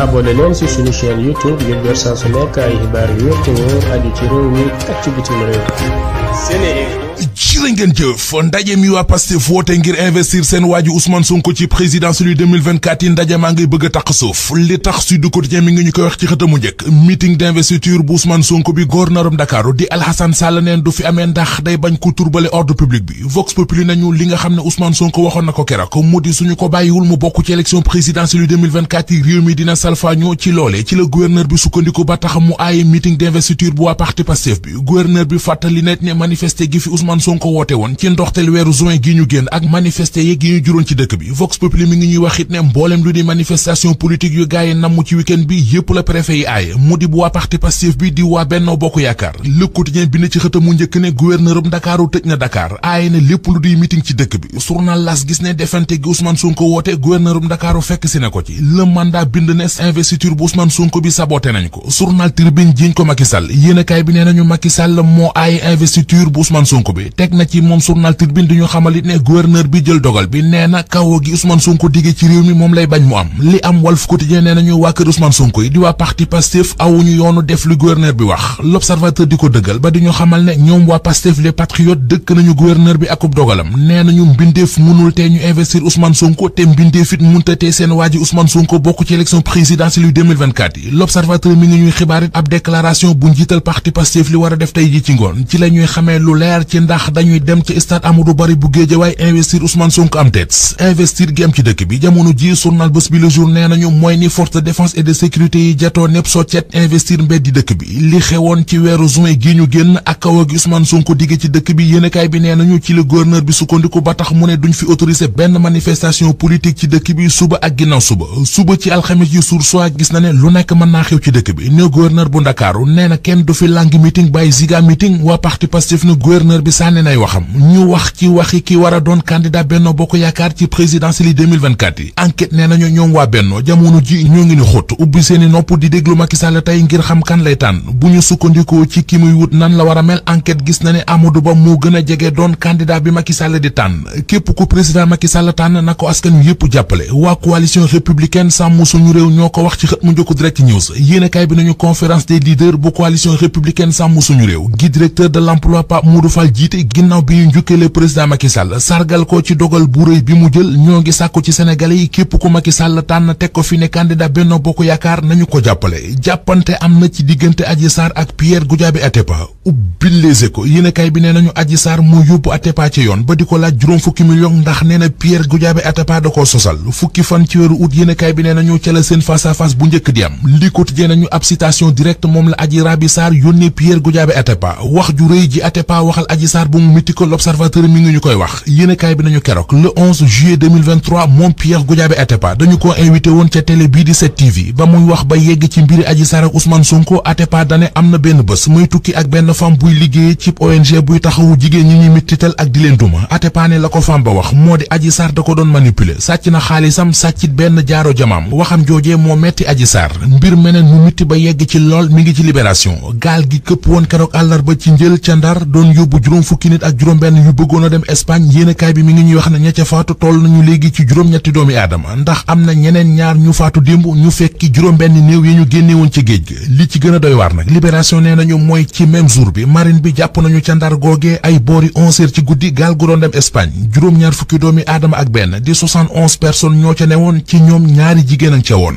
abonné leen ci suñu YouTube ngir jot su nekk ay xibaar yu wér te wóor ci réew mi ak ci bitim réew jërë ngeen jëf ndaje mi waa Pastef woote ngir investir seen waaju Ousmane Sonko ci présidentielle 2024 yi ndaje maa ngay bëgg a suuf li tax Sud Quotidien mi ngi ñu koy wax ci xëtamu njëkk meeting d'investiture bu Ousmane Sonko bi gornooram Dakar di Alhassane Sall neen du fi amee ndax day bañ ko turbale ordre public bi Vox Populi nañu li nga xam ne Ousmane Sonko waxoon na ko keroog mu di suñu ko bàyyiwul mu bokk ci élection présidentielle 2024 yi réew woote woon ci ndoxteel weeru juin gi ñu génn ak manifester yeeg yi ñu juróon ci dëkk bi Vox ngi ñuy wax it ne mbooleem lu di manifestation politique yu gaay yi namm ci week bi yépp la préfet yi aaye mu di bu waa parti Pastef bi di waa Benno Bokk Yaakaar Le Quotidien bi ne ci xëtamu njëkk ne gouverneur bu Ndakaaru tëj na Dakar aaye na lépp lu di meeting ci dëkk bi journal L'As gis ne defante gi Ousmane Sonko woote gouverneur bu Ndakaaru fekk si ne ko ci le mandat bind ne investiture bu Ousmane Sonko bi saboté nañ ko journal Tribune jiñ ko Macky Sall yéenekaay bi nee nañu Macky Sall moo aaye investiture bu Ousmane Sonko bi teg ci moom journal Tribune di ñu xamalit ne gouverneur bi jël dogal bi nee na kawo gi Ousmane Sonko digee ci réew mi moom lay bañ mu am li am Walf Quotidien nee na ñu waa kër Ousmane Sonko yi di waa parti Pastef awuñu yoonu def lu gouverneur bi wax l'observateur di ko dëggal ba di ñu xamal ne ñoom waa Pastef les patriotes dëkk nañu gouverneur bi akub dogalam nee nañu mbindeef mënul tee ñu investir Ousmane Sonko te mbindeef it mënta tee seen waa ji Ousmane bokk ci élection présidentielle yu 2024 yi l'observateur mi ngi ñuy xibaarit ab déclaration bu njiital parti Pastef ngoon la ñuy xamee lu leer ci ndax ñuy dem ci stade Amadou Barry bu Guédiawaye investir Ousmane Sonko am déet investir gi am ci dëkk bi jamono ji journal bés bi le jour nee nañu mooy ni force de défense et de sécurité yi jatoo nepp soccet investir mbedd di dëkk bi li xewoon ci weeru juin gi ñu génn ak kaw gi Ousmane Sonko ci dëkk bi yéenekaay bi nee nañu ci la gouverneur bi sukkandiku ba tax mu ne duñ fi autorisé benn manifestation politique ci dëkk bi suba ak ginnaaw suba suba ci alxames na ne lu nekk mën naa xew ci dëkk bi ne bu Ndakaaru nee na kenn du fi lang meeting bàyyi bi sànni na waxam ñu wax ci waxi ki war a doon candidat Benno Bokk Yaakaar ci présidentielle yi 2024 yi enquête nee nañu ñoom waa Benno jamono ji ñoo ngi ni xóot ubbi seeni nopp di déglu Macky tey ngir xam kan lay tànn bu ñu sukkandikoo ci ki muy wut nan la war a mel enquête gis na ne amadu Ba moo gën a jege doon candidat bi Macky Sall di tànn képp ku président Macky Sall tànn na ko askan wi yëpp jàppale waa coalition républicaine sàmm suñu réew ñoo ko wax ci xët mu njëkk direct news yéenekaay bi nañu conférence des leaders bu coalition républicaine sàmm suñu réew gi directeur de l'emploi Pape Modou Fall jiite gannaaw bi ñu njukkeele président Macky Sall sargal ko ci dogal bu rëy bi mu jël ñoo ngi sàkku ci sénégalais yi képp ku Macky ko fi ne candidat Benno Bokk Yaakaar nañu ko jàppale jàppante am na ci diggante Adji Sarr ak Pierre Goudiaby Atepa ubbi Les Échos yéenekaay bi nee nañu Adji Sarr moo yóbbu ba di ko laaj juróom fukki million ndax nee na Pierre Goudiaby Atepa da koo sosal fukki fan ci weeru août yéenekaay bi nee nañu ca la seen face à bu njëkk di am li quotidien nañu ab citation directe moom la Adji Rabi Sarr yónnee Pierre Goudiaby Atepa wax ju rëy ji Atepa waxal Adji Sarr bu mu métti ko l'observateur mi ngi ñu koy wax yéenekaay bi nañu keroog le 11 juillet 2023 moom Pierre Goudiaby Atepa dañu ko invité woon ca télé bii di 7TV ba muy wax ba yegg ci mbiri Adji ak Ousmane Sonko Atepa dane am na benn bés muy tukki ak benn femme buy liggéey ci ONG buy taxawu jigéen ñi ñuy mittital ak di Atepa ne la ko femme ba wax moo di Adji Sarr da ko doon manipuler sàcc na xaalisam sàccit benn jaaro jamaam waxam joojee moo metti Adji mbir meneen mu mitti ba yegg ci lool mi ngi ci libération gaal gi këpp woon keroog àllarba ci njël ca Ndar doon yóbbu juróom fukki nit ak juróom-benn yu bëggoon dem Espagne yéenekaay bi mi ngi ñuy wax ne ña ca faatu toll nañu léegi ci juróom-ñetti doomi aadama ndax am na ñeneen ñaar ñu faatu démb ñu fekki juróom-benn néew yi ñu génnewoon ci géej gi li ci gën a doy waar nag libération nee nañu mooy ci même jour bi marine bi jàpp nañu ca ndar googee ay boori 11 ci guddi gaal gu doon dem Espagne juróom-ñaar fukki doomi aadama ak benn di 71 personnes ñoo ca newoon ci ñoom ñaari jigéen a ca woon